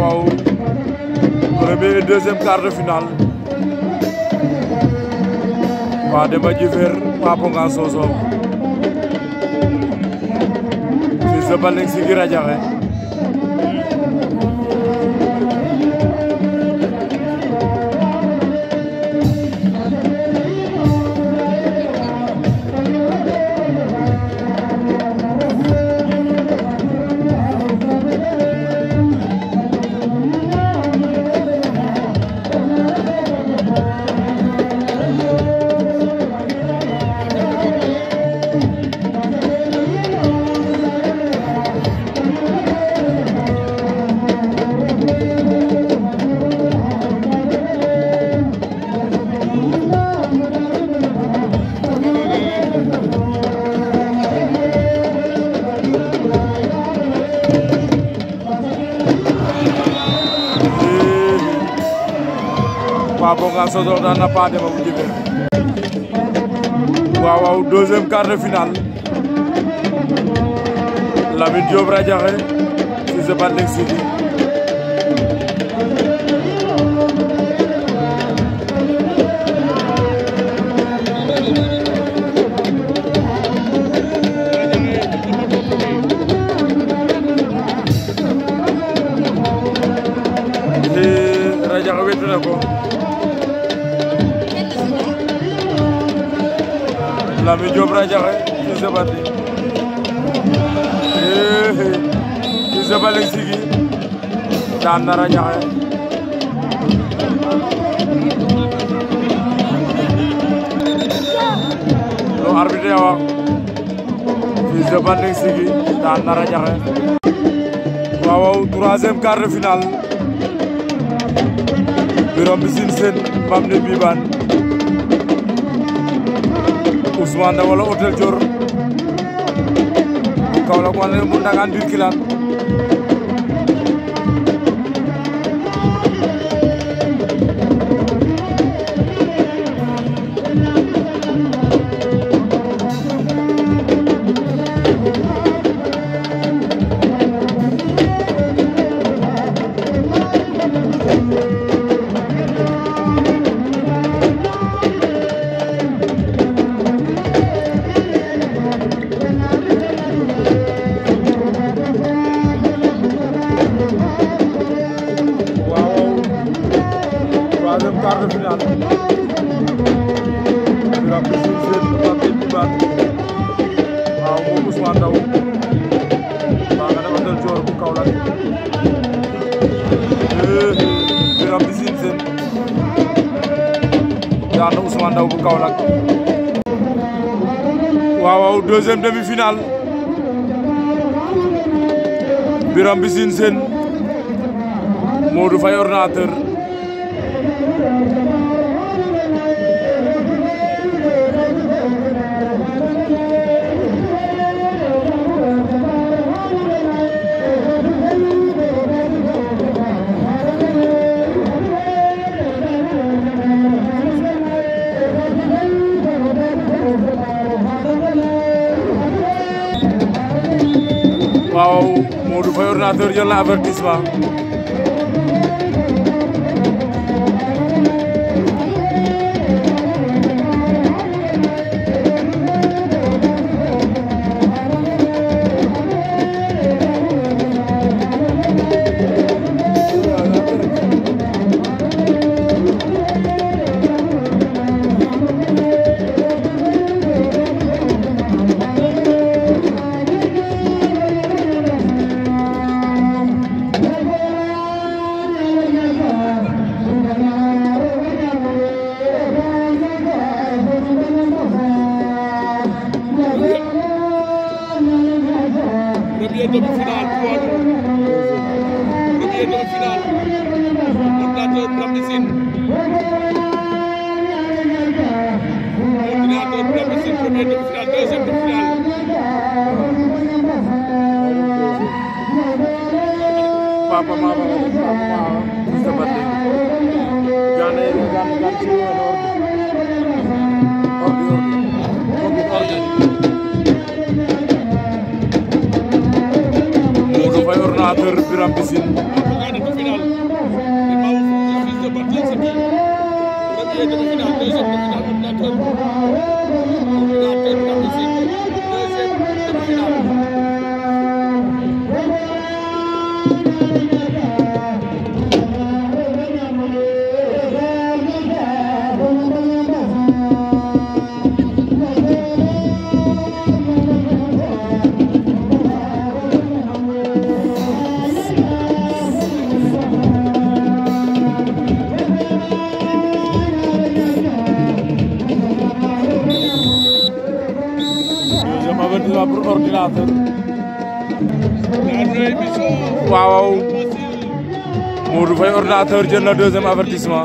waaw premier et deuxième quart de finale waa Demba Djifer waa Ponga Sossokh fils de Baleng Ama Bokar Sokh daan na Paa Demba bu Jibel waaw waaw deuxième quart de finale Lamine Diop Radiakhé Cissé Banding Sidi Radiakhé wetu na ko Lamine Diop Radiakhé Fils de Balla Fils de Balla sigi daan na Radiakhé lu arbitre wax Fils de Balla sigi daan na Radiakhé waaw waaw troisième quart de finale Birame Mbissine Sène Mbamne Ousmane Dabo la Hôtel Dior Kaolack wala mu Ndangane biir Kilaan ñëwaat waaw moom Ousmane Ndaw maa nga dama dal joor bu Kaolack eh, Biram seen daan na bu Kaolack waaw waaw deuxième demi-finale Biram bi seen Modou Faye ordinateur waaw Modou Faye ordinateur jël na avertissement qualifié demi-finale ordinateur Birame Sine ordinateur Birame Sine première demi-finale deuxième demi-finale papa mama papa mama Mustafa Gane gane gane Amateur Birame Mbissine Deuxième demi-finale. waaw waaw Modou Faye ordinateur jël na deuxième avertissement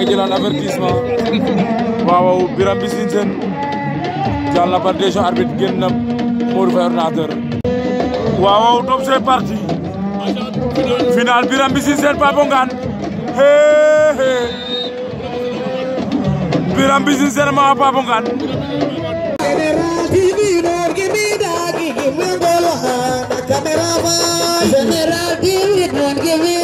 ngay jëlaat avertissement waaw Biram Mbissine Sène jàll na par décision arbitre génn na Modou Faye ordinateur. waaw top c'est parti final Biram Mbissine Sène Papo Ngane hee hee Biram Mbissine Sène ma Papo Ngane. General TV, don't give me